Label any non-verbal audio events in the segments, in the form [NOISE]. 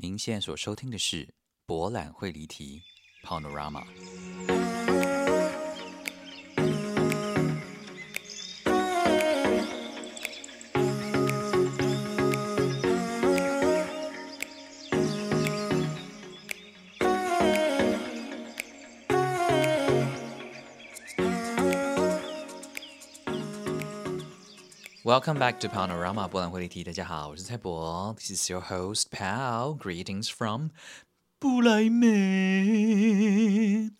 您現在所收聽的是《柏覽會離題》（Paonorama）。Welcome back to Paonorama 柏覽會離題，大家好，我是蔡柏。This is your host, Pao. Greetings from 不來梅。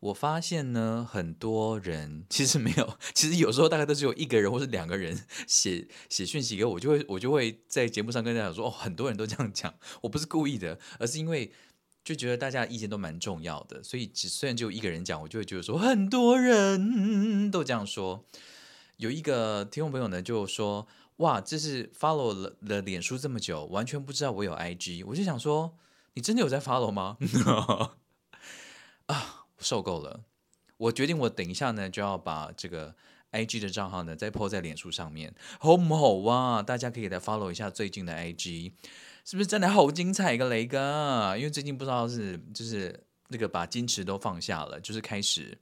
我發現呢，很多人其實沒有，其實有時候大概都只有一個人或是兩個人寫寫訊息給我，我就會我就會在節目上跟大家講說，哦，很多人都這樣講，我不是故意的，而是因為就覺得大家意見都蠻重要的，所以只雖然只有一個人講，我就會覺得說很多人都這樣說。有一個聽眾朋友呢，就說：“哇，這是 follow 了了臉書這麼久，完全不知道我有 IG。”我就想說：“你真的有在 follow 嗎？” no. [LAUGHS] 啊，受夠了！我決定，我等一下呢就要把這個 IG 的賬號呢再 po 在臉書上面，好唔好啊？大家可以來 follow 一下最近的 IG，是不是真的好精彩，啊？一個雷哥，因為最近不知道是就是那個把矜持都放下了，就是開始。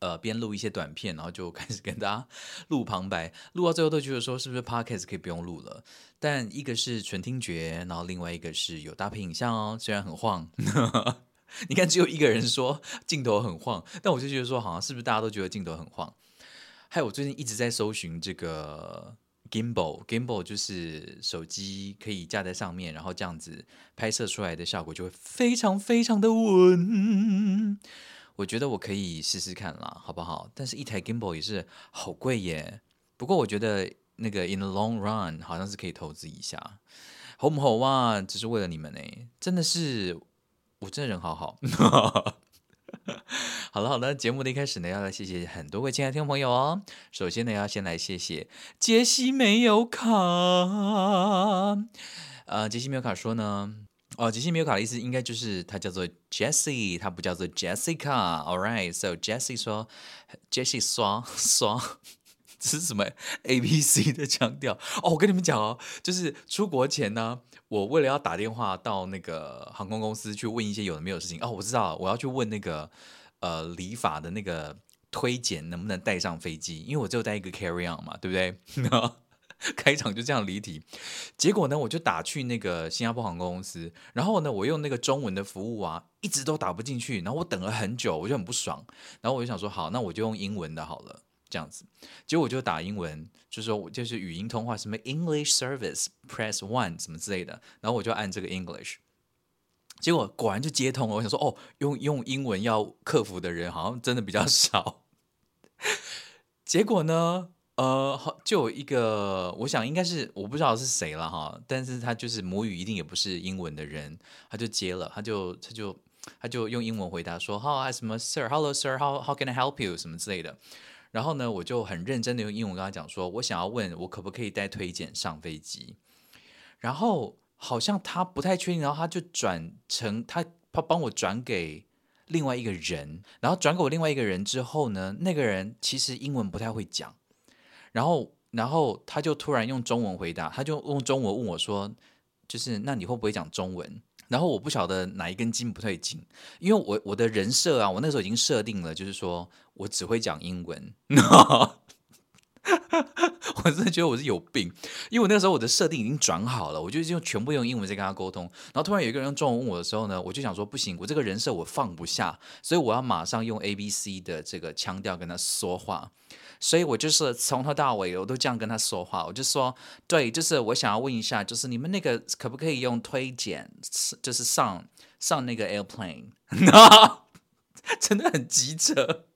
呃，邊錄一些短片，然後就開始跟大家錄旁白，錄到最後都覺得說，是不是 Podcast 可以不用錄了？但一個是純聽覺，然後另外一個是有搭配影像哦，雖然很晃。呵呵你看，只有一個人說鏡頭很晃，但我就覺得說，好像是不是大家都覺得鏡頭很晃？還有，我最近一直在搜尋這個 Gimbal，gimbal Gimbal 就是手機可以架在上面，然後這樣子拍攝出來的效果就會非常非常的穩。我覺得我可以試試看啦，好不好？但是一台 gimbal 也是好貴耶。不過我覺得那個 in the long run 好像是可以投資一下，好不好哇？只是為了你們呢，真的是，我真的人好好。 [LAUGHS] 好了好了，節目的一開始呢，要來謝謝很多位親愛的聽眾朋友哦。首先呢，要先來謝謝傑西沒有卡。呃，傑西沒有卡說呢。哦，傑西沒有卡的意思，應該就是他叫做 Jessie，他不叫做 Jessica All、right. so Jesse。All right，so Jessie 說，Jessie 刷刷，這是什麼 A B C 的腔調？哦，我跟你們講哦，就是出國前呢，我為了要打電話到那個航空公司去問一些有的沒有的事情。哦，我知道了，我要去問那個呃理髮的那個推剪能不能帶上飛機，因為我只有帶一個 carry on 嘛，對不對？ [LAUGHS] 開場就這樣離題，結果呢，我就打去那個新加坡航空公司，然後呢，我用那個中文的服務啊，一直都打不進去，然後我等了很久，我就很不爽，然後我就想說，好，那我就用英文的好了，這樣子，結果我就打英文，就是說，就是語音通話，什麼 English service press one 什麼之類的，然後我就按這個 English，結果果然就接通了，我想說，哦，用用英文要客服的人好像真的比較少， [LAUGHS] 結果呢？呃，好，就有一個，我想應該是我不知道是誰了哈，但是他就是母語一定也不是英文的人，他就接了，他就他就他就用英文回答說 h o w [NOISE] l 樂 o 什麼 Sir，Hello Sir，How sir. How can I help you？什麼之類的。然後呢，我就很認真的用英文跟他講說，說我想要問我可不可以帶推薦上飛機。然後好像他不太確定，然後他就轉成他他幫我轉給另外一個人，然後轉給我另外一個人之後呢，那個人其實英文不太會講。然後，然後他就突然用中文回答，他就用中文問我說：“就是那你會不會講中文？”然後我不曉得哪一根筋不對勁，因為我我的人設啊，我那時候已經設定了，就是說我只會講英文。No! [LAUGHS] 我真的覺得我是有病。因為我那個時候我的設定已經轉好了，我就就全部用英文在跟他溝通。然後突然有一個人用中文問我的時候呢，我就想說不行，我這個人設我放不下，所以我要馬上用 ABC 的這個腔調跟他說話。所以我就是從頭到尾我都這樣跟他說話。我就說，對，就是我想要問一下，就是你們那個可不可以用推剪，就是上上那個 Airplane，no! [LAUGHS] 真的很急着 [LAUGHS]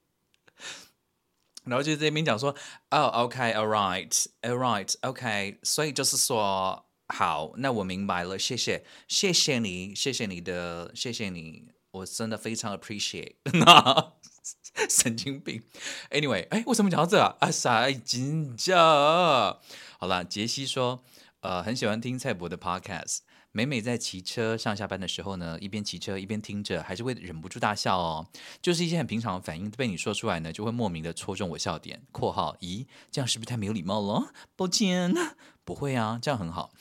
然後就在這邊講說，哦，OK，All right，All right，OK，所以就是說好，那我明白了，謝謝，謝謝你，謝謝你的，謝謝你，我真的非常 appreciate， [LAUGHS] 神經病。Anyway，哎，為什麼講到這啊？神經教。好了，傑西說，呃，很喜歡聽蔡柏的 podcast。每每在騎車上下班的時候呢，一邊騎車一邊聽着，還是會忍不住大笑哦。就是一些很平常的反應被你說出來呢，就會莫名的戳中我笑點。括號咦，這樣是不是太沒有禮貌了？抱歉。不會啊，這樣很好。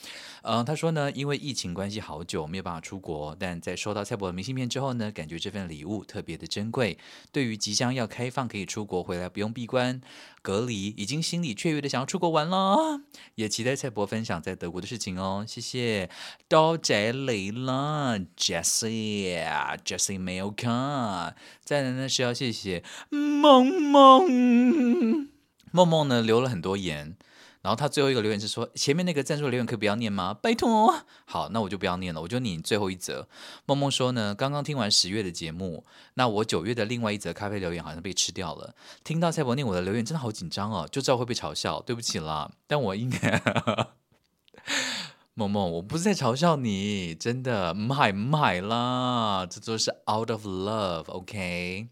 嗯、呃，他說呢，因為疫情關係好久沒有辦法出國，但在收到蔡柏的明信片之後呢，感覺這份禮物特別的珍貴。對於即將要開放可以出國回來不用閉關隔離，已經心裡雀躍的想要出國玩了，也期待蔡柏分享在德國的事情哦。謝謝到宅累了，Jesse，Jesse 沒有看。再來呢是要謝謝夢夢，夢夢呢留了很多言。然後他最後一個留言是說：“前面那個贊助留言可以不要念嗎？拜託哦。”好，那我就不要念了，我就念最後一則。夢夢說呢：“剛剛聽完十月的節目，那我九月的另外一則咖啡留言好像被吃掉了。聽到蔡柏念我的留言，真的好緊張哦，就知道會被嘲笑。對不起啦。但我應該……夢 [LAUGHS] 夢，我不是在嘲笑你，真的，買買啦，這都是 out of love。OK，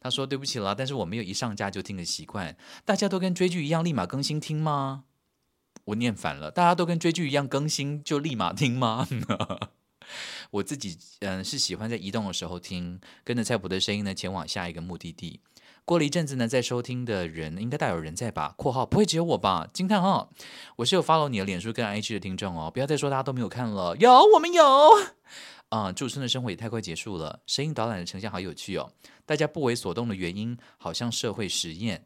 他說對不起啦，但是我沒有一上架就聽的習慣，大家都跟追劇一樣立馬更新聽嗎？”我念反了，大家都跟追劇一樣更新就立馬聽嗎？ [LAUGHS] 我自己嗯、呃、是喜歡在移動的時候聽，跟着蔡普的聲音呢，前往下一個目的地。過了一陣子呢，在收聽的人應該大有人在吧？括號不會只有我吧？驚嘆哈、哦！我是有 follow 你的臉書跟 IG 的聽眾哦，不要再說大家都沒有看了，有，我們有啊！駐、呃、村的生活也太快結束了，聲音導覽的呈現好有趣哦。大家不為所動的原因，好像社會實驗。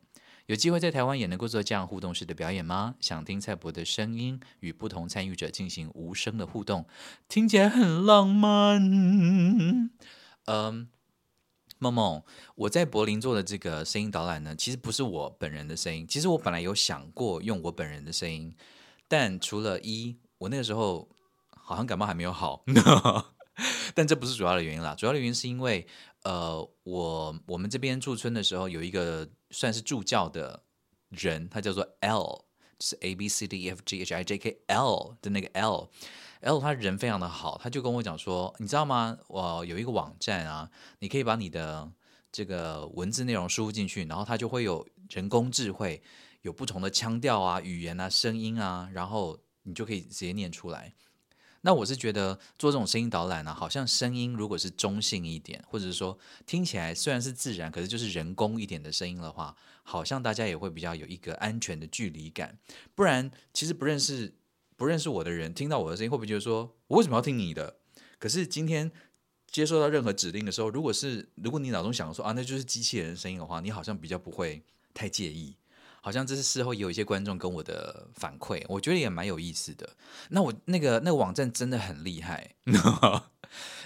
有機會在台灣也能夠做這樣互動式的表演嗎？想聽蔡柏的聲音，與不同參與者進行無聲的互動，聽起來很浪漫。嗯，夢夢，我在柏林做的這個聲音導覽呢，其實不是我本人的聲音。其實我本來有想過用我本人的聲音，但除了一，我那個時候好像感冒還沒有好， [LAUGHS] 但這不是主要的原因啦。主要的原因是因為，呃，我我們這邊駐村的時候有一個。算是助教的人，他叫做 L，是 A B C D E F G H I J K L 的那個 L，L，他人非常的好，他就跟我講說，你知道嗎？我有一個網站啊，你可以把你的這個文字內容輸入進去，然後它就會有人工智慧，有不同的腔調啊、語言啊、聲音啊，然後你就可以直接念出來。那我是覺得做這種聲音導覽呢、啊，好像聲音如果是中性一點，或者是說聽起來雖然是自然，可是就是人工一點的聲音的話，好像大家也會比較有一個安全的距離感。不然，其實不認識不認識我的人聽到我的聲音，會不會覺得說，我為什麼要聽你的？可是今天接收到任何指令的時候，如果是如果你腦中想說啊，那就是機器人的聲音的話，你好像比較不會太介意。好像這是事後有一些觀眾跟我的反饋，我覺得也蠻有意思的。那我那個那個網站真的很厲害， [LAUGHS]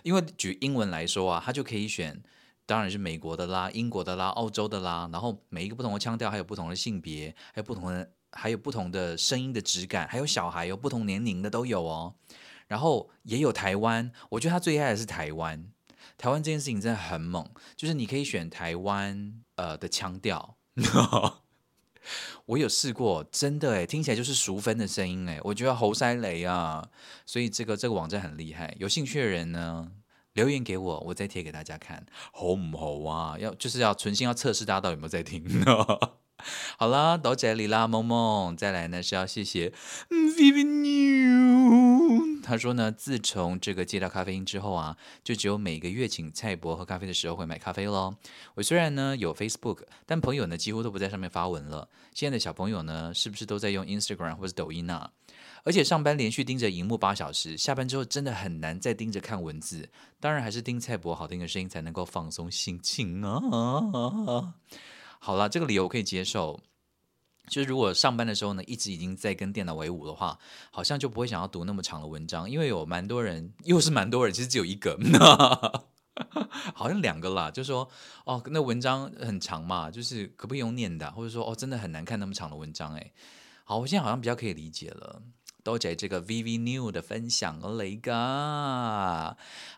因為舉英文來說啊，它就可以選，當然是美國的啦、英國的啦、澳洲的啦，然後每一個不同的腔調，還有不同的性別，還有不同的還有不同的聲音的質感，還有小孩有不同年齡的都有哦。然後也有台灣，我覺得他最愛的是台灣，台灣這件事情真的很猛，就是你可以選台灣呃的腔調。 [LAUGHS] 我有試過，真的哎，聽起來就是熟分的聲音哎，我覺得猴塞雷啊，所以這個這個網站很厲害，有興趣的人呢留言給我，我再貼給大家看，好唔好啊？要就是要存心要測試大家到底有沒有在聽。 [LAUGHS] 好啦，到這裡啦，萌萌。再來呢是要謝謝 Vivian 妞，嗯、他說呢，自從這個戒掉咖啡因之後啊，就只有每個月請蔡柏喝咖啡的時候會買咖啡咯。我雖然呢有 Facebook，但朋友呢幾乎都不在上面發文了。現在的小朋友呢，是不是都在用 Instagram 或者抖音啊？而且上班連續盯着熒幕八小時，下班之後真的很難再盯着看文字。當然，還是聽蔡柏好聽的聲音才能夠放鬆心情啊。好啦，這個理由我可以接受。就是如果上班的時候呢，一直已經在跟電腦為伍的話，好像就不會想要讀那麼長的文章，因為有蠻多人，又是蠻多人，其實只有一個，好像兩個啦。就說哦，那文章很長嘛，就是可不可以用念的，或者說哦，真的很難看那麼長的文章哎、欸。好，我現在好像比較可以理解了。多謝這個 VV New 的分享哦，雷哥。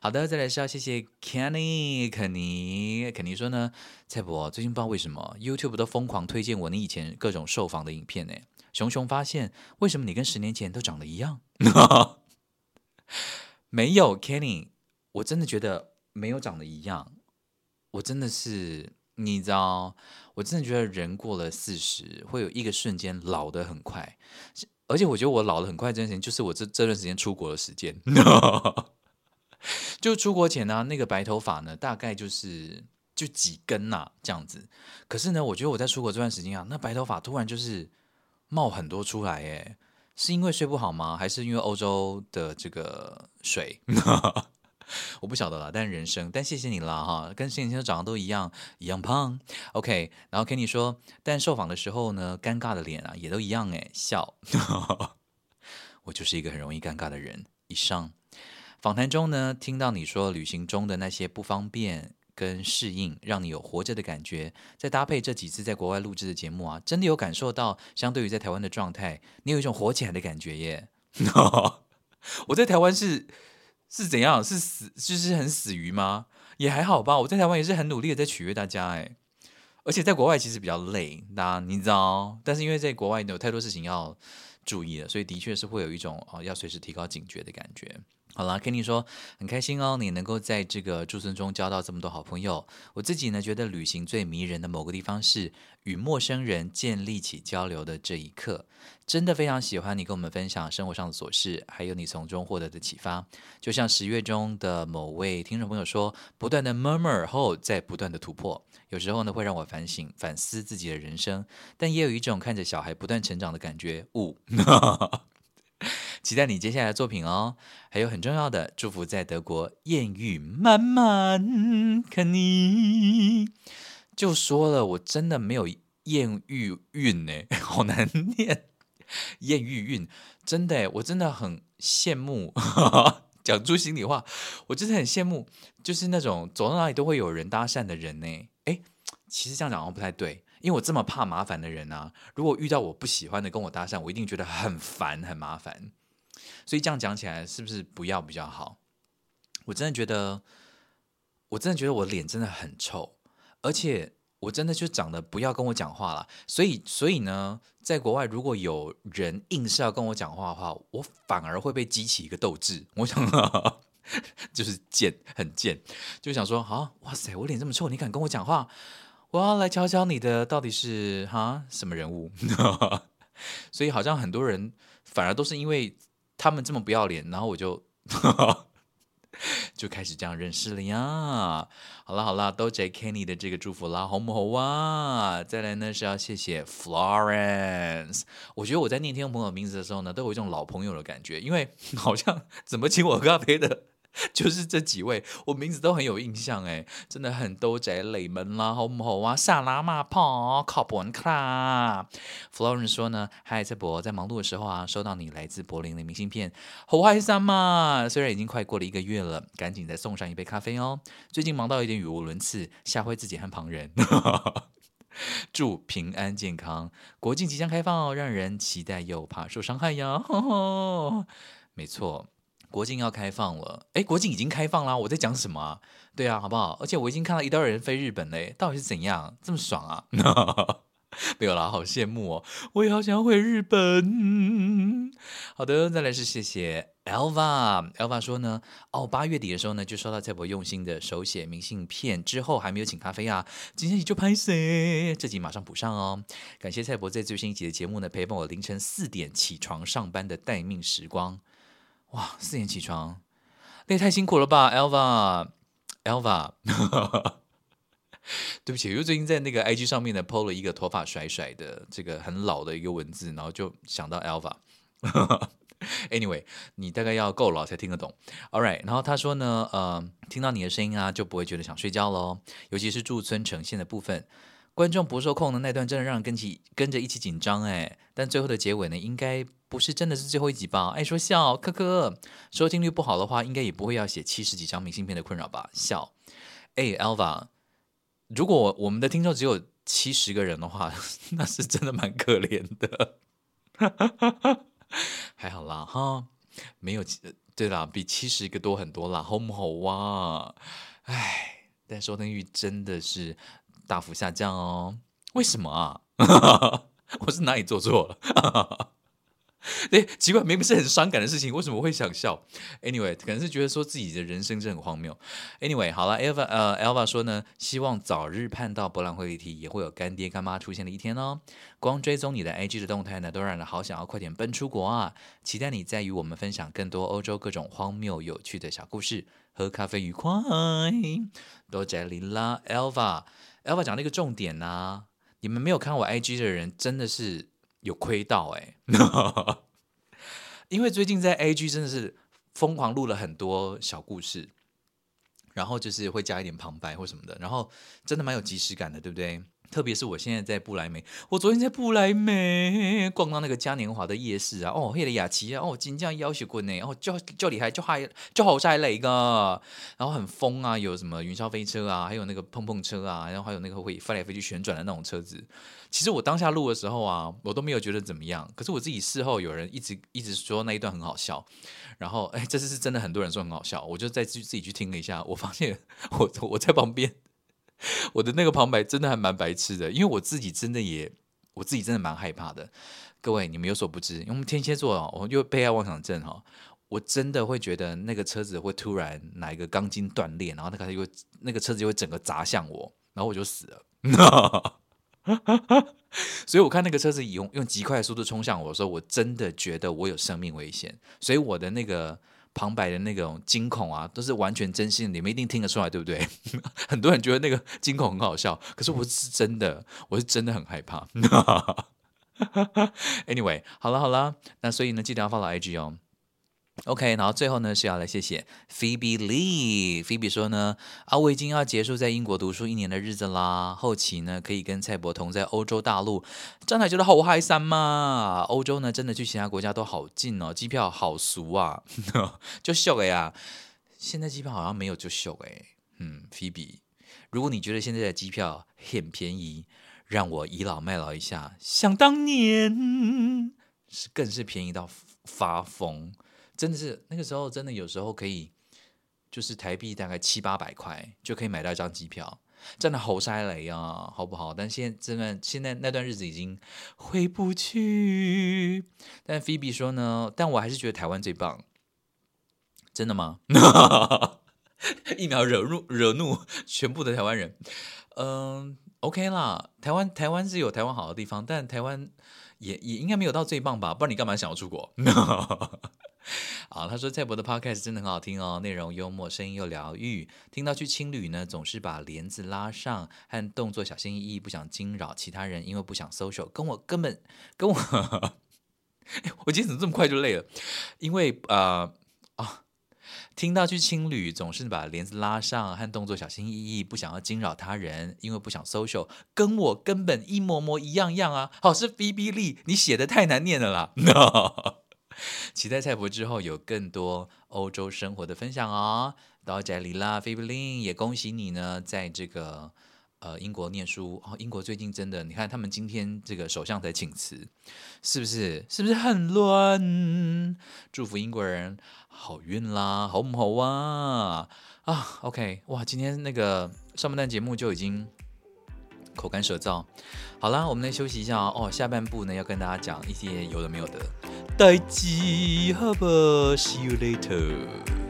好的，再來是要謝謝 Kenny，肯尼，肯尼說呢，蔡柏最近不知道為什麼 YouTube 都瘋狂推薦我你以前各種受訪的影片呢。熊熊發現，為什麼你跟十年前都長得一樣？ [LAUGHS] 沒有 Kenny，我真的覺得沒有長得一樣。我真的是，你知道，我真的覺得人過了四十，會有一個瞬間老得很快。而且我覺得我老得很快，之前就是我這這段時間出國的時間，No. [LAUGHS] 就出國前啊，那個白頭髮呢，大概就是就幾根吶、啊，這樣子。可是呢，我覺得我在出國這段時間啊，那白頭髮突然就是冒很多出來，耶，是因為睡不好嗎？還是因為歐洲的這個水？No. 我不曉得啦，但是人生，但謝謝你啦，哈，跟星先生長得都一樣，一樣胖。OK，然後 Kenny 說，但受訪的時候呢，尷尬的臉啊，也都一樣哎，笑。 [LAUGHS] 我就是一個很容易尷尬的人。以上訪談中呢，聽到你說旅行中的那些不方便跟適應，讓你有活着的感覺。再搭配這幾次在國外錄製的節目啊，真的有感受到，相對於在台灣的狀態，你有一種活起來的感覺耶。 [LAUGHS] 我在台灣是。是怎樣？是死，就是很死魚嗎？也還好吧。我在台灣也是很努力的在取悅大家哎，而且在國外其實比較累，大家你知道。但是因為在國外有太多事情要注意了，所以的確是會有一種哦要隨時提高警覺的感覺。好了，Kenny 說很開心哦，你能夠在這個駐村中交到這麼多好朋友。我自己呢，覺得旅行最迷人的某個地方是與陌生人建立起交流的這一刻，真的非常喜歡你跟我們分享生活上的瑣事，還有你從中獲得的啟發。就像十月中的某位聽眾朋友說，不斷的 murmur 後，再不斷的突破，有時候呢會讓我反省反思自己的人生，但也有一種看着小孩不斷成長的感覺。嗚、哦。 [LAUGHS] 期待你接下來的作品哦，還有很重要的祝福，在德國豔遇滿滿。可你就說了，我真的沒有豔遇運呢，好難念豔遇運，真的我真的很羨慕，哈哈，講出心裡話，我真的很羨慕，就是那種走到哪裡都會有人搭訕的人呢。誒，其實這樣講好像不太對。因為我這麼怕麻煩的人呢、啊，如果遇到我不喜歡的跟我搭訕，我一定覺得很煩很麻煩。所以這樣講起來，是不是不要比較好？我真的覺得，我真的覺得我臉真的很臭，而且我真的就長得不要跟我講話了。所以，所以呢，在國外如果有人硬是要跟我講話的話，我反而會被激起一個鬥志。我想， [LAUGHS] 就是賤很賤，就想說：好、啊，哇塞，我臉這麼臭，你敢跟我講話？我要來瞧瞧你的，到底是哈什麼人物？ [LAUGHS] 所以好像很多人反而都是因為他們這麼不要臉，然後我就 [LAUGHS] 就開始這樣認識了呀。好啦好啦，都 Kenny 的這個祝福啦，好不好哇、啊！再來呢是要謝謝 Florence。我覺得我在念聽眾朋友名字的時候呢，都有一種老朋友的感覺，因為好像怎麼請我喝咖啡的。就是這幾位，我名字都很有印象哎，真的很多宅累門啦，好唔好啊？薩拉馬泡，Carbon Club，Florence 說呢，Hi，z 在忙碌的時候啊，收到你來自柏林的明信片，好嗨。三嘛！雖然已經快過了一個月了，趕緊再送上一杯咖啡哦。最近忙到有點語無倫次，嚇壞自己和旁人。 [LAUGHS] 祝平安健康，國境即將開放哦，讓人期待又怕受傷害喲。沒錯。國境要開放了，哎，國境已經開放了，我在講什麼？對啊，好不好？而且我已經看到一堆人飛日本嘞，到底是怎樣？這麼爽啊？No. [LAUGHS] 沒有啦，好羨慕哦，我也好想要回日本。好的，再來是謝謝 Elva，Elva Elva 說呢，哦，八月底的時候呢，就收到蔡柏用心的手寫明信片，之後還沒有請咖啡啊，今天你就拍誰自己馬上補上哦。感謝蔡柏在最新一集的節目呢，陪伴我凌晨四點起床上班的待命時光。哇，四點起床，那也太辛苦了吧，Alva，Alva，Alva [LAUGHS] 對不起，因為最近在那個 IG 上面呢，po 了一個頭髮甩甩的這個很老的一個文字，然後就想到 Alva。 [LAUGHS] Anyway，你大概要夠老才聽得懂。All right，然後他說呢，呃，聽到你的聲音啊，就不會覺得想睡覺咯。尤其是駐村呈現的部分，觀眾不受控的那段，真的讓人跟起跟着一起緊張誒、欸。但最後的結尾呢，應該，不是真的是最後一集吧？愛、哎、說笑，科科，收聽率不好的話，應該也不會要寫七十幾張明信片的困擾吧？笑，哎，Elva，如果我們的聽眾只有七十個人的話，那是真的蠻可憐的。 [LAUGHS] 還好啦，哈，沒有七，對啦，比七十個多很多啦，好不好啊，哎，但收聽率真的是大幅下降哦，為什麼啊？ [LAUGHS] 我是哪裡做錯了？哈哈哈。對，奇怪，明明是很傷感的事情，為什麼我會想笑？Anyway，可能是覺得說自己的人生真的很荒謬。Anyway，好了，Elva，呃，Elva 說呢，希望早日盼到柏覽會離題也會有乾爹乾媽出現的一天哦。光追蹤你的 IG 的動態呢，都讓人好想要快點奔出國啊！期待你在與我們分享更多歐洲各種荒謬有趣的小故事。喝咖啡愉快，多謝你啦，Elva。Elva 講了一個重點吶、啊，你們沒有看我 IG 的人真的是。有虧到哎、欸， [LAUGHS] 因為最近在 IG 真的是瘋狂錄了很多小故事，然後就是會加一點旁白或什麼的，然後真的蠻有即時感的，對不對？特別是我現在在不萊梅，我昨天在不萊梅逛到那個嘉年華的夜市啊，哦，黑、那、了、個、雅琪啊，哦，金槍要學棍呢，哦，叫叫厲害，叫好，叫好在哪個？然後很瘋啊，有什麼雲霄飛車啊，還有那個碰碰車啊，然後還有那個會飛來飛去旋轉的那種車子。其實我當下錄的時候啊，我都沒有覺得怎麼樣，可是我自己事後有人一直一直說那一段很好笑，然後哎，這次是真的很多人說很好笑，我就再自自己去聽了一下，我發現我我在旁邊。我的那個旁白真的還蠻白痴的，因為我自己真的也，我自己真的蠻害怕的。各位，你們有所不知，因為天蠍座哦，我就被害妄想症哈，我真的會覺得那個車子會突然哪一個鋼筋斷裂，然後那個車子就、那個、會整個砸向我，然後我就死了。 [LAUGHS] [LAUGHS] 所以我看那個車子以用，用極快的速度衝向我的時候，我真的覺得我有生命危險，所以我的那個。旁白的那種驚恐啊，都是完全真心的，你們一定聽得出來，對不對？ [LAUGHS] 很多人覺得那個驚恐很好笑，可是我是真的，嗯、我是真的很害怕。 [LAUGHS] anyway，好了好了，那所以呢，記得要 follow IG 哦。OK，然後最後呢是要來謝謝 Phoebe Lee。Phoebe 說呢，啊，我已經要結束在英國讀書一年的日子啦，後期呢可以跟蔡柏彰在歐洲大陸，真的覺得好嗨森嘛，歐洲呢真的去其他國家都好近哦，機票好俗啊， [LAUGHS] 就秀、哎、呀，現在機票好像沒有就秀哎，嗯，Phoebe，如果你覺得現在的機票很便宜，讓我倚老賣老一下，想當年是更是便宜到發瘋。真的是那個時候，真的有時候可以，就是台幣大概七八百塊就可以買到一張機票，真的猴塞雷啊，好不好？但現在這段現，現在那段日子已經回不去。但 Phoebe 說呢，但我還是覺得台灣最棒。真的嗎？一 [LAUGHS] 秒惹，惹怒惹怒全部的台灣人。嗯、呃、OK 啦，台灣台灣是有台灣好的地方，但台灣也也應該沒有到最棒吧？不然你幹嘛想要出國？ [LAUGHS] 好、哦，他說蔡柏的 podcast 真的很好聽哦，內容幽默，聲音又療癒。聽到去青旅呢，總是把簾子拉上，和動作小心翼翼，不想驚擾其他人，因為不想 social。跟我根本跟我呵呵，我今天怎麼這麼快就累了？因為呃啊、哦，聽到去青旅總是把簾子拉上，和動作小心翼翼，不想要驚擾他人，因為不想 social。跟我根本一模模一樣樣啊！好、哦，是 B B 力，你寫的太難念了啦。No 期待蔡柏之後有更多歐洲生活的分享哦，到這裡啦，菲布林也恭喜你呢，在這個呃英國念書哦，英國最近真的，你看他們今天這個首相在請辭，是不是？是不是很亂？祝福英國人好運啦，好不好啊？啊，OK，哇，今天那個上半段節目就已經。口乾舌燥，好啦，我們來休息一下哦，哦，下半部呢要跟大家講一些有的沒有的代誌，好吧，See you later。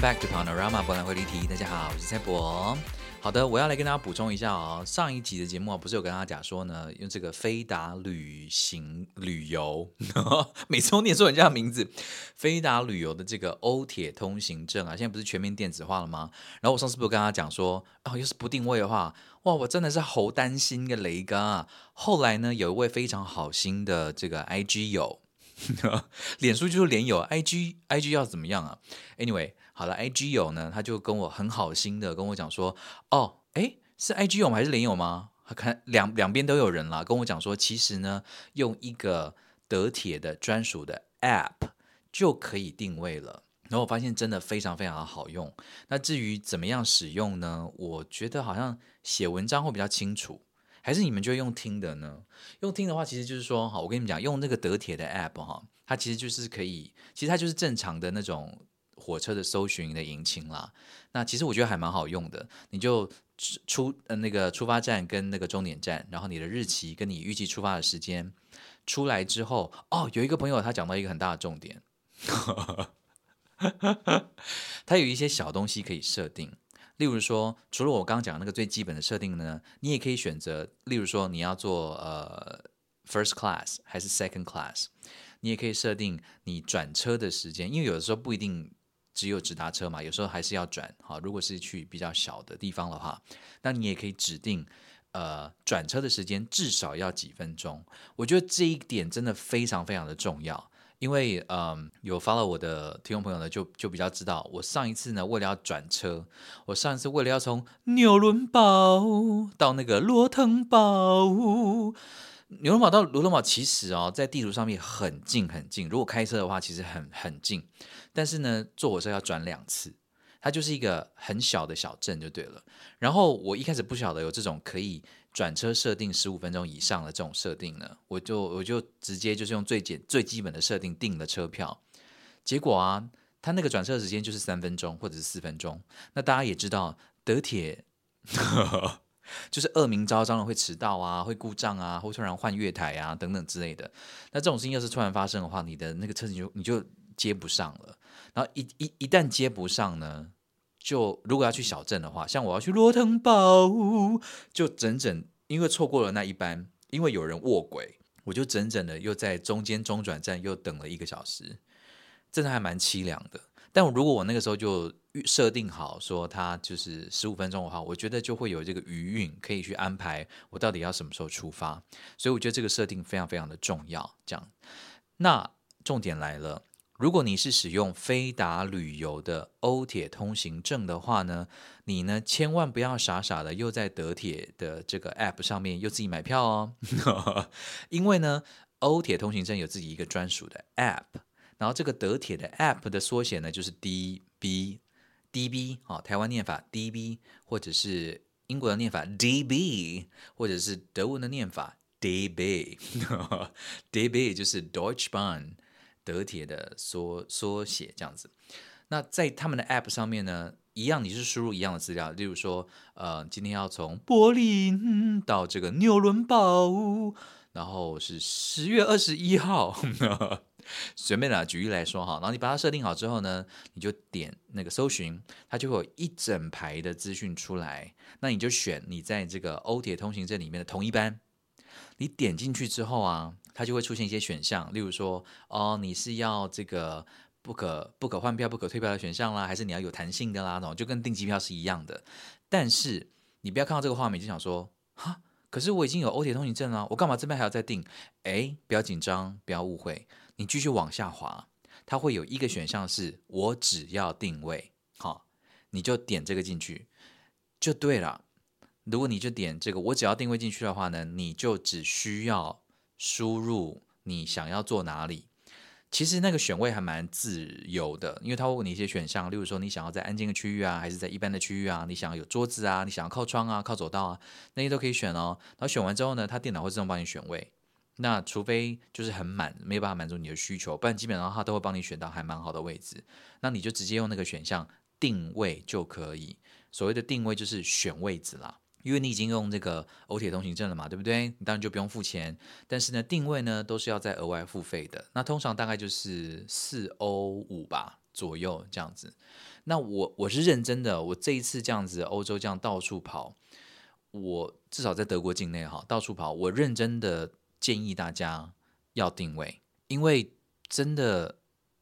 Back to Paonorama 柏覽會離題。大家好，我是蔡柏。好的，我要來跟大家補充一下哦。上一集的節目不是有跟大家講說呢，用這個飛達旅行旅遊呵呵，每次我念錯人家的名字，飛達旅遊的這個歐鐵通行證啊，現在不是全面電子化了嗎？然後我上次不是跟大家講說，啊、哦，要是不定位的話，哇，我真的是好擔心個雷哥啊。後來呢，有一位非常好心的這個 IG 友，呵呵臉書就是臉友，IG IG 要怎麼樣啊？Anyway。好了，IG 友呢，他就跟我很好心的跟我講說，哦，哎，是 IG 友還是臉友嗎？看兩兩邊都有人啦，跟我講說，其實呢，用一個德鐵的專屬的 app 就可以訂位了。然後我發現真的非常非常好用。那至於怎麼樣使用呢？我覺得好像寫文章會比較清楚，還是你們就用聽的呢？用聽的話，其實就是說，哈，我跟你們講，用那個德鐵的 app，哈，它其實就是可以，其實它就是正常的那種。火車的搜尋的引擎啦，那其實我覺得還蠻好用的。你就出、呃、那個出發站跟那個終點站，然後你的日期跟你預計出發的時間出來之後，哦，有一個朋友他講到一個很大的重點， [LAUGHS] 他有一些小東西可以設定，例如說，除了我剛講的那個最基本的設定呢，你也可以選擇，例如說你要坐呃 first class 還是 second class，你也可以設定你轉車的時間，因為有的時候不一定。只有直達車嘛，有時候還是要轉。好，如果是去比較小的地方的話，那你也可以指定，呃，轉車的時間至少要幾分鐘。我覺得這一點真的非常非常的重要，因為嗯、呃，有 follow 我的聽眾朋友呢，就就比較知道，我上一次呢為了要轉車，我上一次為了要從紐倫堡到那個羅騰堡。紐倫堡到羅騰堡其實哦，在地圖上面很近很近，如果開車的話其實很很近，但是呢，坐火車要轉兩次，它就是一個很小的小鎮就對了。然後我一開始不曉得有這種可以轉車設定十五分鐘以上的這種設定呢，我就我就直接就是用最簡最基本的設定訂了車票，結果啊，它那個轉車時間就是三分鐘或者是四分鐘。那大家也知道，德鐵。 [LAUGHS] 就是惡名昭彰的會遲到啊，會故障啊，會突然換月台啊等等之類的。那這種事情要是突然發生的話，你的那個車子你就你就接不上了。然後一一一旦接不上呢，就如果要去小鎮的話，像我要去羅騰堡，就整整因為錯過了那一班，因為有人臥軌，我就整整的又在中間中轉站又等了一個小時，真的還蠻淒涼的。但我如果我那個時候就設定好說，它就是十五分鐘的話，我覺得就會有這個餘韻可以去安排我到底要什麼時候出發。所以我覺得這個設定非常非常的重要。這樣，那重點來了，如果你是使用飛達旅遊的歐鐵通行證的話呢，你呢千萬不要傻傻的又在德鐵的這個 App 上面又自己買票哦， [LAUGHS] 因為呢，歐鐵通行證有自己一個專屬的 App，然後這個德鐵的 App 的縮寫呢就是 DB。DB，哦，台灣念法 DB，或者是英國的念法 DB，或者是德文的念法 DB，DB DB 就是 Deutschbahn，德鐵的縮縮寫，這樣子。那在他們的 App 上面呢，一樣，你是輸入一樣的資料，例如說，呃，今天要從柏林到這個紐倫堡，然後是十月二十一號。 [LAUGHS] 隨便啦，舉例來說哈，然後你把它設定好之後呢，你就點那個搜尋，它就會有一整排的資訊出來。那你就選你在這個歐鐵通行證裡面的同一班。你點進去之後啊，它就會出現一些選項，例如說哦，你是要這個不可不可換票、不可退票的選項啦，還是你要有彈性的啦，那種就跟訂機票是一樣的。但是你不要看到這個畫面就想說哈，可是我已經有歐鐵通行證了，我幹嘛這邊還要再訂？哎，不要緊張，不要誤會。你繼續往下滑，它會有一個選項是我只要定位，好，你就點這個進去就對了。如果你就點這個我只要定位進去的話呢，你就只需要輸入你想要坐哪裡。其實那個選位還蠻自由的，因為它會問你一些選項，例如說你想要在安靜的區域啊，還是在一般的區域啊，你想要有桌子啊，你想要靠窗啊，靠走道啊，那些都可以選哦。然後選完之後呢，它電腦會自動幫你選位。那除非就是很滿，沒有辦法滿足你的需求，不然基本上他都會幫你選到還蠻好的位置。那你就直接用那個選項訂位就可以。所謂的訂位就是選位置啦，因為你已經用這個歐鐵通行證了嘛，對不對？你當然就不用付錢，但是呢，訂位呢都是要再額外付費的。那通常大概就是四歐五吧左右這樣子。那我我是認真的，我這一次這樣子歐洲這樣到處跑，我至少在德國境內哈到處跑，我認真的。建議大家要訂位，因為真的 [LAUGHS]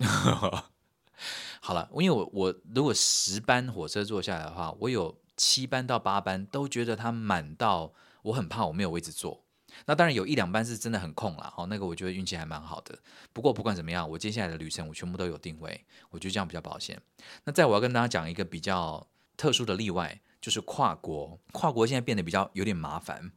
好了，因為我我如果十班火車坐下來的話，我有七班到八班都覺得它滿到，我很怕我沒有位置坐。那當然有一兩班是真的很空了，好，那個我覺得運氣還蠻好的。不過不管怎麼樣，我接下來的旅程我全部都有訂位，我覺得這樣比較保險。那再我要跟大家講一個比較特殊的例外，就是跨國，跨國現在變得比較有點麻煩。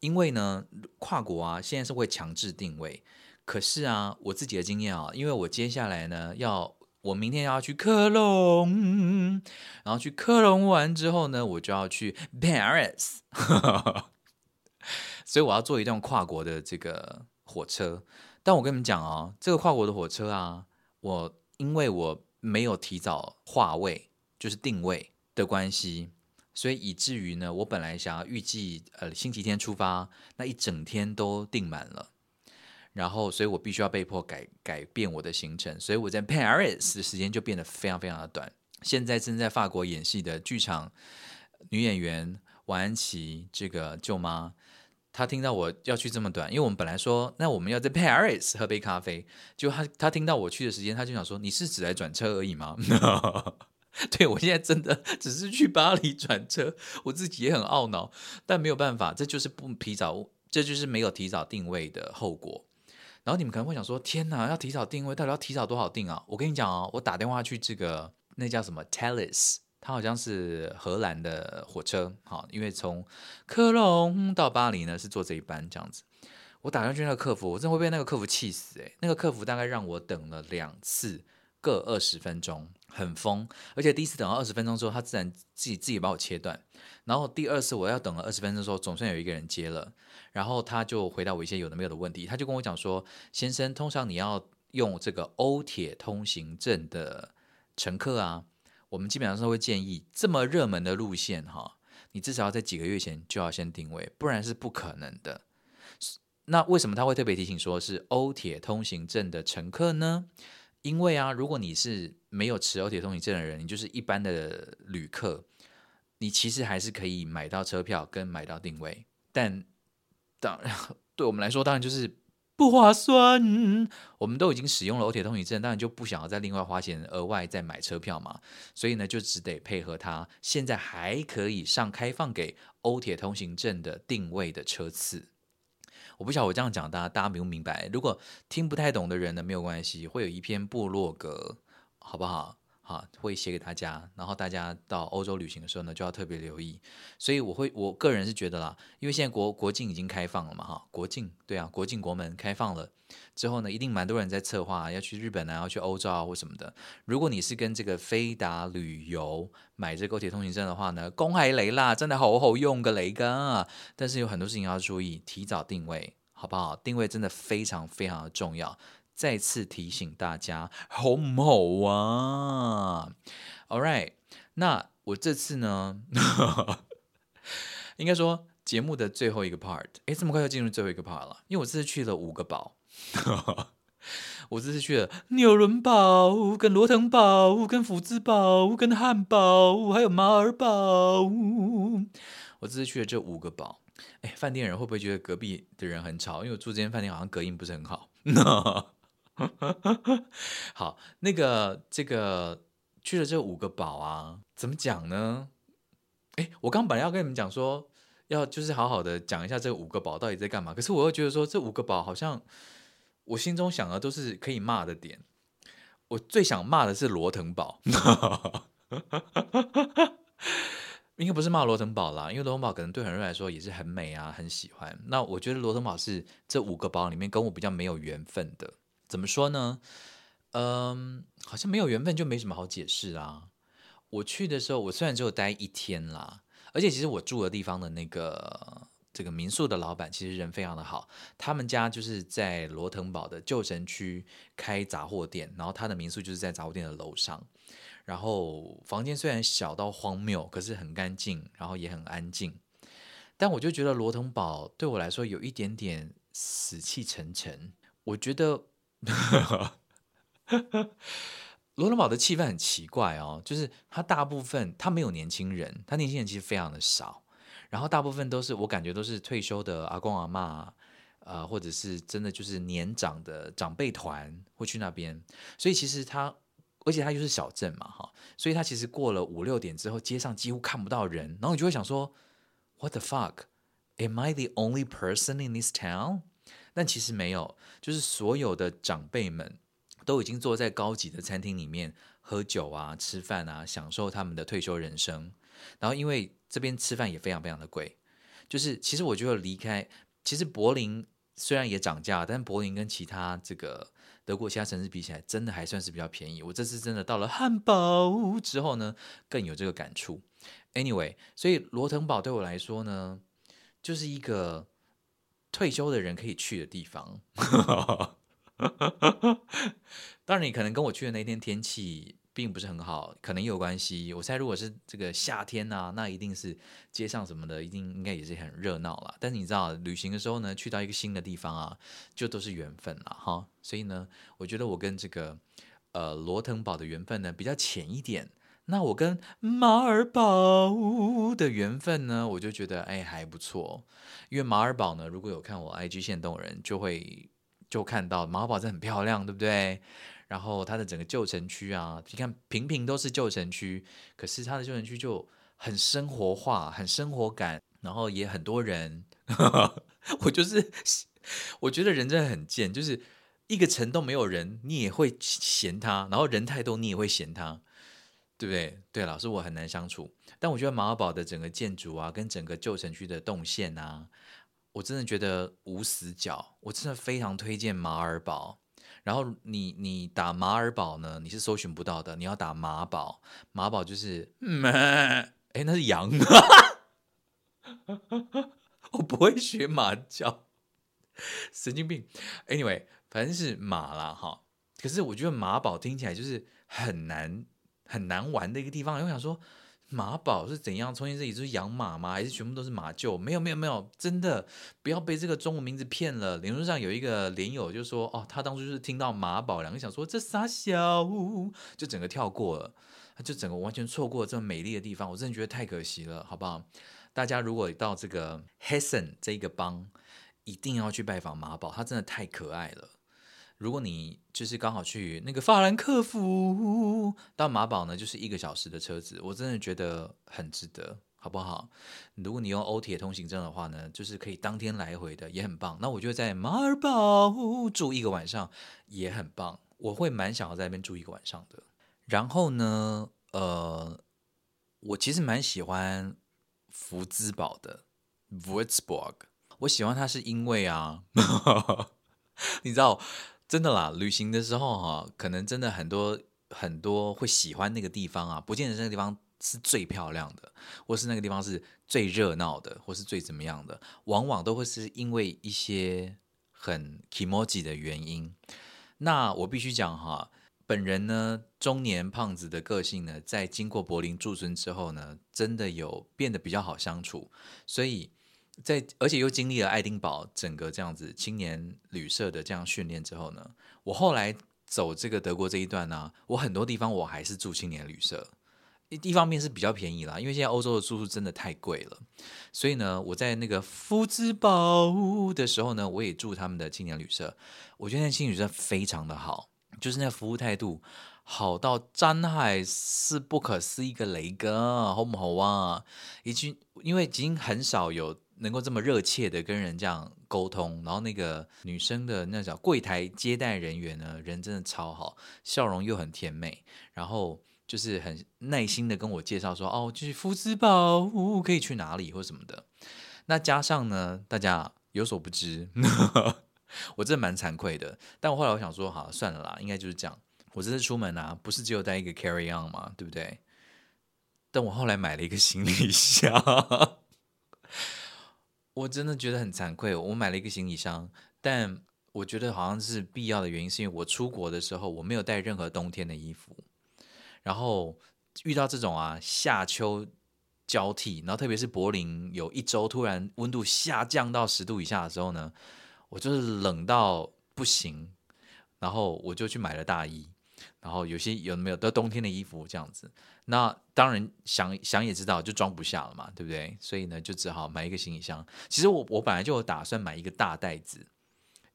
因為呢，跨國啊，現在是會強制訂位。可是啊，我自己的經驗啊，因為我接下來呢，要我明天要去科隆，然後去科隆完之後呢，我就要去 Paris， [LAUGHS] 所以我要坐一段跨國的這個火車。但我跟你們講啊，這個跨國的火車啊，我因為我沒有提早劃位，就是訂位的關係。所以以至於呢，我本來想要預計呃星期天出發，那一整天都訂滿了，然後，所以我必須要被迫改改變我的行程，所以我在 Paris 的時間就變得非常非常的短。現在正在法國演戲的劇場女演員王安琪這個舅媽，她聽到我要去這麼短，因為我們本來說那我們要在 Paris 喝杯咖啡，就她她聽到我去的時間，她就想說你是只來轉車而已嗎？No. 對我現在真的只是去巴黎轉車，我自己也很懊惱，但沒有辦法，這就是不提早，這就是沒有提早訂位的後果。然後你們可能會想說：“天哪，要提早訂位，到底要提早多少訂啊？”我跟你講啊、哦、我打電話去這個那叫什麼 Talis，它好像是荷蘭的火車，哈，因為從科隆到巴黎呢是坐這一班這樣子。我打上去那個客服，我真的會被那個客服氣死、欸、那個客服大概讓我等了兩次。各二十分鐘，很瘋，而且第一次等到二十分鐘之後，他自然自己自己把我切斷。然後第二次我要等了二十分鐘的時候，總算有一個人接了，然後他就回答我一些有的沒有的問題，他就跟我講說：“先生，通常你要用這個歐鐵通行證的乘客啊，我們基本上都會建議這麼熱門的路線哈，你至少要在幾個月前就要先定位，不然是不可能的。那為什麼他會特別提醒說是歐鐵通行證的乘客呢？”因為啊，如果你是沒有持歐鐵通行證的人，你就是一般的旅客，你其實還是可以買到車票跟買到定位。但當然，對我們來說，當然就是不划算。我們都已經使用了歐鐵通行證，當然就不想要再另外花錢額外再買車票嘛。所以呢，就只得配合他，現在還可以上開放給歐鐵通行證的定位的車次。我不曉得我這樣講，大家大家明不明白？如果聽不太懂的人呢，沒有關係，會有一篇部落格，好不好？啊，會寫給大家，然後大家到歐洲旅行的時候呢，就要特別留意。所以我會，我個人是覺得啦，因為現在國國境已經開放了嘛，哈，國境對啊，國境國門開放了之後呢，一定蠻多人在策劃要去日本啊，要去歐洲啊或什麼的。如果你是跟這個飛達旅遊買這個歐鐵通行證的話呢，公海雷啦，真的好好用個雷根啊。但是有很多事情要注意，提早定位，好不好？定位真的非常非常的重要。再次提醒大家，好猛啊！All right，那我這次呢， [LAUGHS] 應該說節目的最後一個 part，哎，這麼快就進入最後一個 part 了，因為我這次去了五個堡， [LAUGHS] 我這次去了紐倫堡、跟羅騰堡、跟符茲堡、跟漢堡，還有瑪爾堡，我這次去了這五個堡。哎，飯店人會不會覺得隔壁的人很吵？因為我住這間飯店好像隔音不是很好。 [LAUGHS] 哈哈哈，好，那個這個去了這五個堡啊，怎麼講呢？誒，我剛本來要跟你們講說，要就是好好的講一下這五個堡到底在幹嘛。可是我又覺得說，這五個堡好像我心中想的都是可以罵的點。我最想罵的是羅騰堡， [LAUGHS] 應該不是罵羅騰堡啦，因為羅騰堡可能對很多人來說也是很美啊，很喜歡。那我覺得羅騰堡是這五個堡裡面跟我比較沒有緣分的。怎麼說呢？嗯，好像沒有緣分就沒什麼好解釋啦、啊。我去的時候，我雖然只有待一天啦，而且其實我住的地方的那個這個民宿的老闆其實人非常的好。他們家就是在羅騰堡的舊城區開雜貨店，然後他的民宿就是在雜貨店的樓上。然後房間雖然小到荒謬，可是很乾淨，然後也很安靜。但我就覺得羅騰堡對我來說有一點點死氣沉沉。我覺得。羅 [LAUGHS] 騰堡的氣氛很奇怪哦，就是他大部分他沒有年輕人，他年輕人其實非常的少，然後大部分都是我感覺都是退休的阿公阿嬤，呃，或者是真的就是年長的長輩團會去那邊，所以其實他而且他又是小鎮嘛，哈，所以他其實過了五六點之後，街上幾乎看不到人，然後你就會想說，What the fuck？Am I the only person in this town？但其實沒有，就是所有的長輩們都已經坐在高級的餐廳裡面喝酒啊、吃飯啊，享受他們的退休人生。然後因為這邊吃飯也非常非常的貴，就是其實我就要離開，其實柏林雖然也漲價，但柏林跟其他這個德國其他城市比起來，真的還算是比較便宜。我這次真的到了漢堡之後呢，更有這個感觸。Anyway，所以羅騰堡對我來說呢，就是一個。退休的人可以去的地方， [LAUGHS] 當然你可能跟我去的那天天氣並不是很好，可能也有關係。我猜如果是這個夏天啊，那一定是街上什麼的，一定應該也是很熱鬧了。但是你知道，旅行的時候呢，去到一個新的地方啊，就都是緣分了哈。所以呢，我覺得我跟這個呃羅騰堡的緣分呢，比較淺一點。那我跟馬爾堡的緣分呢？我就覺得哎還不錯，因為馬爾堡呢，如果有看我 IG 限動的人就會就看到馬爾堡真的很漂亮，對不對？然後它的整個舊城區啊，你看平平都是舊城區，可是它的舊城區就很生活化、很生活感，然後也很多人。呵呵，我就是我覺得人真的很賤，就是一個城都沒有人，你也會嫌它；然後人太多，你也會嫌它。對不對？對，老師，我很難相處。但我覺得馬爾堡的整個建築啊，跟整個舊城區的動線啊，我真的覺得無死角。我真的非常推薦馬爾堡。然後你你打馬爾堡呢，你是搜尋不到的。你要打馬堡，馬堡就是咩哎，那是羊。 [LAUGHS] [LAUGHS] 我不會學馬叫， [LAUGHS] 神經病。Anyway，反正是馬啦哈。可是我覺得馬堡聽起來就是很難很難玩的一個地方，我想說，馬堡是怎樣？從前這裡就是養馬嗎？還是全部都是馬廄？沒有沒有沒有，真的不要被這個中文名字騙了。連路上有一個連友就說，哦，他當初就是聽到馬堡，兩個，想說這傻小嗚，就整個跳過了，就整個完全錯過這麼美麗的地方，我真的覺得太可惜了，好不好？大家如果到這個 Hessen 這一個邦，一定要去拜訪馬堡，他真的太可愛了。如果你就是剛好去那個法蘭克福到馬堡呢，就是一個小時的車子，我真的覺得很值得，好不好？如果你用歐鐵通行證的話呢，就是可以當天來回的，也很棒。那我就在馬爾堡住一個晚上，也很棒，我會蠻想要在那邊住一個晚上的。然後呢，呃，我其實蠻喜歡符茲堡的 Würzburg，我喜歡它是因為啊， [LAUGHS] 你知道。真的啦，旅行的時候哈、啊，可能真的很多很多會喜歡那個地方啊，不見得那個地方是最漂亮的，或是那個地方是最熱鬧的，或是最怎麼樣的，往往都會是因為一些很 kimoji 的原因。那我必須講哈、啊，本人呢，中年胖子的個性呢，在經過柏林駐村之後呢，真的有變得比較好相處，所以。在而且又經歷了愛丁堡整個這樣子青年旅社的這樣訓練之後呢，我後來走這個德國這一段呢、啊，我很多地方我還是住青年旅社一，一方面是比較便宜啦，因為現在歐洲的住宿真的太貴了。所以呢，我在那個符茲堡的時候呢，我也住他們的青年旅社，我覺得那青年旅社非常的好，就是那服務態度好到張海是不可思議一個雷哥，好不好啊？已經因為已經很少有。能夠這麼熱切的跟人這樣溝通，然後那個女生的那個叫櫃檯接待人員呢，人真的超好，笑容又很甜美，然後就是很耐心的跟我介紹說，哦，就是符茲堡，可以去哪裡或什麼的。那加上呢，大家有所不知，呵呵，我真的蠻慚愧的。但我後來我想說，好算了啦，應該就是這樣。我這次出門啊，不是只有帶一個 carry on 嘛，對不對？但我後來買了一個行李箱。我真的覺得很慚愧，我買了一個行李箱，但我覺得好像是必要的原因，是因為我出國的時候我沒有帶任何冬天的衣服，然後遇到這種啊夏秋交替，然後特別是柏林有一周突然溫度下降到十度以下的時候呢，我就是冷到不行，然後我就去買了大衣，然後有些有沒有帶冬天的衣服這樣子。那當然想，想想也知道，就裝不下了嘛，對不對？所以呢，就只好買一個行李箱。其實我我本來就有打算買一個大袋子，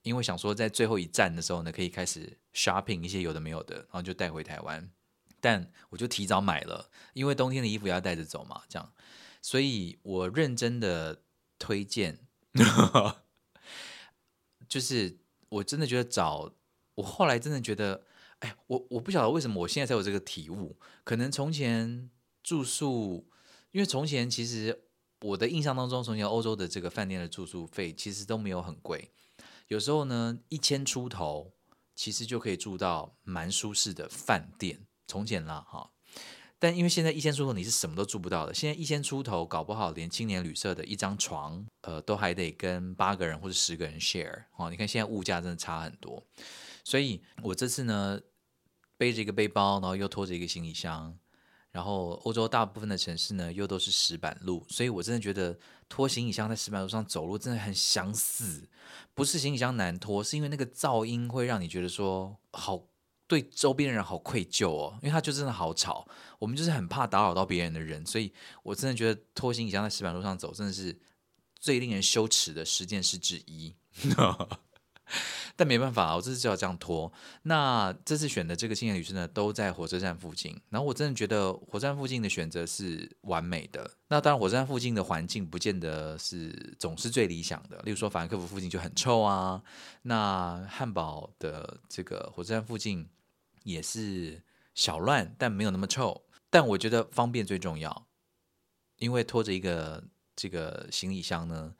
因為想說在最後一站的時候呢，可以開始 shopping 一些有的沒有的，然後就帶回台灣。但我就提早買了，因為冬天的衣服要帶着走嘛，這樣。所以我認真的推薦， [LAUGHS] 就是我真的覺得找我後來真的覺得。哎，我我不曉得為什麼我現在才有這個體悟，可能從前住宿，因為從前其實我的印象當中，從前歐洲的這個飯店的住宿費其實都沒有很貴，有時候呢一千出頭，其實就可以住到蠻舒適的飯店。從前啦哈，但因為現在一千出頭你是什麼都住不到的，現在一千出頭搞不好連青年旅社的一張床，呃，都還得跟八個人或者十個人 share。哦，哈，你看現在物價真的差很多，所以我這次呢。背着一個背包，然後又拖着一個行李箱，然後歐洲大部分的城市呢又都是石板路，所以我真的覺得拖行李箱在石板路上走路真的很想死。不是行李箱難拖，是因為那個噪音會讓你覺得說好對周邊的人好愧疚哦，因為他就真的好吵。我們就是很怕打擾到別人的人，所以我真的覺得拖行李箱在石板路上走真的是最令人羞恥的十件事之一。 [LAUGHS] 但沒辦法，我這次就要這樣拖。那這次選的這個青年旅社呢，都在火車站附近。然後我真的覺得火車站附近的選擇是完美的。那當然，火車站附近的環境不見得是總是最理想的。例如說，法蘭克福附近就很臭啊。那漢堡的這個火車站附近也是小亂，但沒有那麼臭。但我覺得方便最重要，因為拖着一個這個行李箱呢。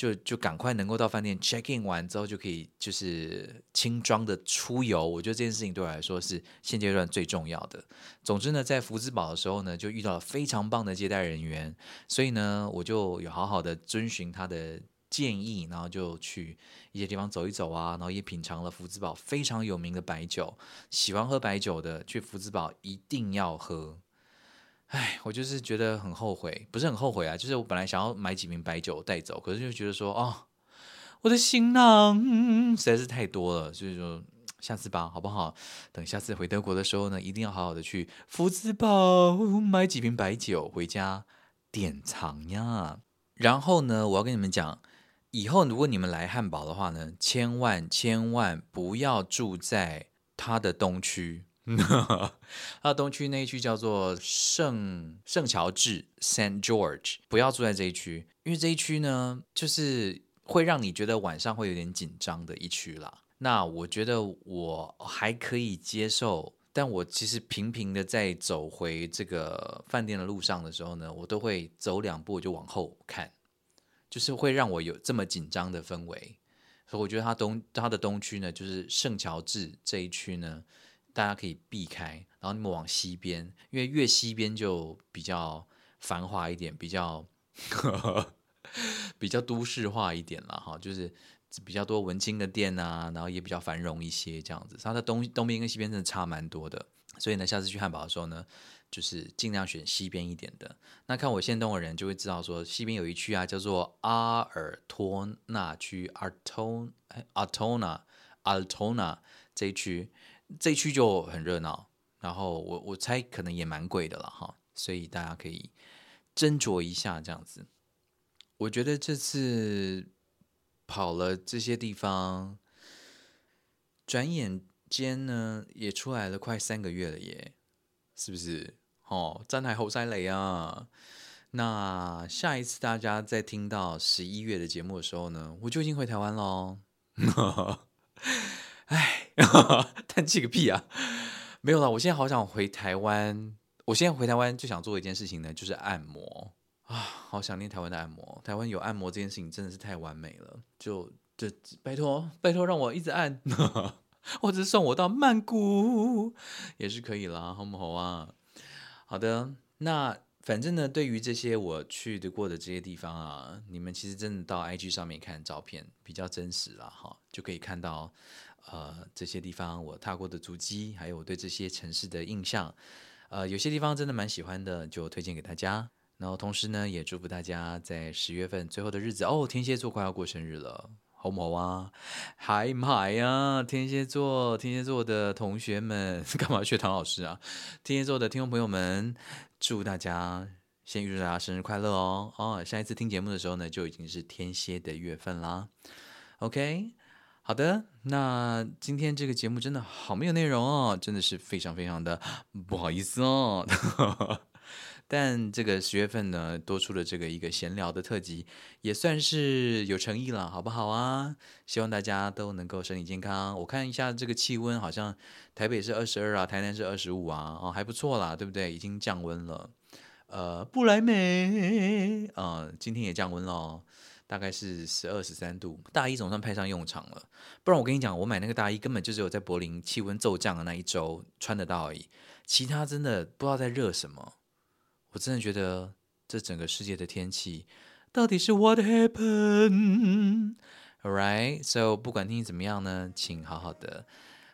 就就趕快能夠到飯店 check in 完之後就可以就是輕裝的出遊，我覺得這件事情對我來說是現階段最重要的。總之呢，在符茲堡的時候呢，就遇到了非常棒的接待人員，所以呢，我就有好好的遵循他的建議，然後就去一些地方走一走啊，然後也品嘗了符茲堡非常有名的白酒。喜歡喝白酒的去符茲堡一定要喝。哎，我就是覺得很後悔，不是很後悔啊，就是我本來想要買幾瓶白酒帶走，可是就覺得說，哦，我的行囊，嗯，實在是太多了，所以說下次吧，好不好？等下次回德國的時候呢，一定要好好的去符茲堡買幾瓶白酒回家典藏呀。然後呢，我要跟你們講，以後如果你們來漢堡的話呢，千萬千萬不要住在它的東區。 [LAUGHS] 那東區那一區叫做聖聖喬治 （Saint George），不要住在這一區，因為這一區呢，就是會讓你覺得晚上會有點緊張的一區啦。那我覺得我還可以接受，但我其實頻頻的在走回這個飯店的路上的時候呢，我都會走兩步就往後看，就是會讓我有這麼緊張的氛圍。所以我覺得它東它的東區呢，就是聖喬治這一區呢，大家可以避開，然後你們往西邊，因為越西邊就比較繁華一點，比較 [LAUGHS] 比較都市化一點了哈。就是比較多文青的店啊，然後也比較繁榮一些，這樣子。它的東東邊跟西邊真的差蠻多的，所以呢，下次去漢堡的時候呢，就是盡量選西邊一點的。那看我限動的人就會知道說，說西邊有一區啊，叫做阿爾托納區，阿托納，阿托納，阿托納，這一區。這一區就很熱鬧，然後我我猜可能也蠻貴的了哈，所以大家可以斟酌一下這樣子。我覺得這次跑了這些地方，轉眼間呢也出來了快三個月了耶，是不是？哦，站台猴塞雷啊，那下一次大家再聽到十一月的節目的時候呢，我就已經回台灣了哦。 [LAUGHS] 唉呵呵，嘆氣個屁啊！沒有啦，我現在好想回台灣。我現在回台灣就想做一件事情呢，就是按摩啊，好想念台灣的按摩。台灣有按摩這件事情真的是太完美了，就就拜託拜託讓我一直按，呵呵或者是送我到曼谷也是可以啦，好不好啊？好的，那反正呢，對於這些我去的過的這些地方啊，你們其實真的到 IG 上面看照片比較真實了哈，就可以看到。呃，這些地方我踏過的足跡，還有我對這些城市的印象，呃，有些地方真的蠻喜歡的，就推薦給大家。然後同時呢，也祝福大家在十月份最後的日子哦，天蠍座快要過生日了，好不好啊？還買啊，天蠍座，天蠍座的同學們，幹嘛學唐老師啊？天蠍座的聽眾朋友們，祝大家，先預祝大家生日快樂哦！哦，下一次聽節目的時候呢，就已經是天蠍的月份啦。OK。好的，那今天這個節目真的好沒有內容哦，真的是非常非常的不好意思哦。 [LAUGHS] 但這個十月份呢，多出了這個一個閒聊的特輯，也算是有誠意了，好不好啊？希望大家都能夠身體健康。我看一下這個氣溫，好像台北是二十二啊，台南是二十五啊，哦，還不錯啦，對不對？已經降溫了。呃，不萊梅，呃，今天也降溫了。大概是十二十三度，大衣總算派上用場了。不然我跟你講，我買那個大衣根本就只有在柏林氣溫驟降的那一周穿得到而已。其他真的不知道在熱什麼。我真的覺得這整個世界的天氣到底是 What happened? Alright, so 不管天氣怎麼樣呢，請好好的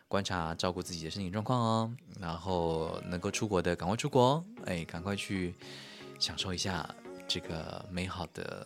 觀察照顧自己的身體狀況哦。然後能夠出國的趕快出國哦，哎，趕快去享受一下這個美好的。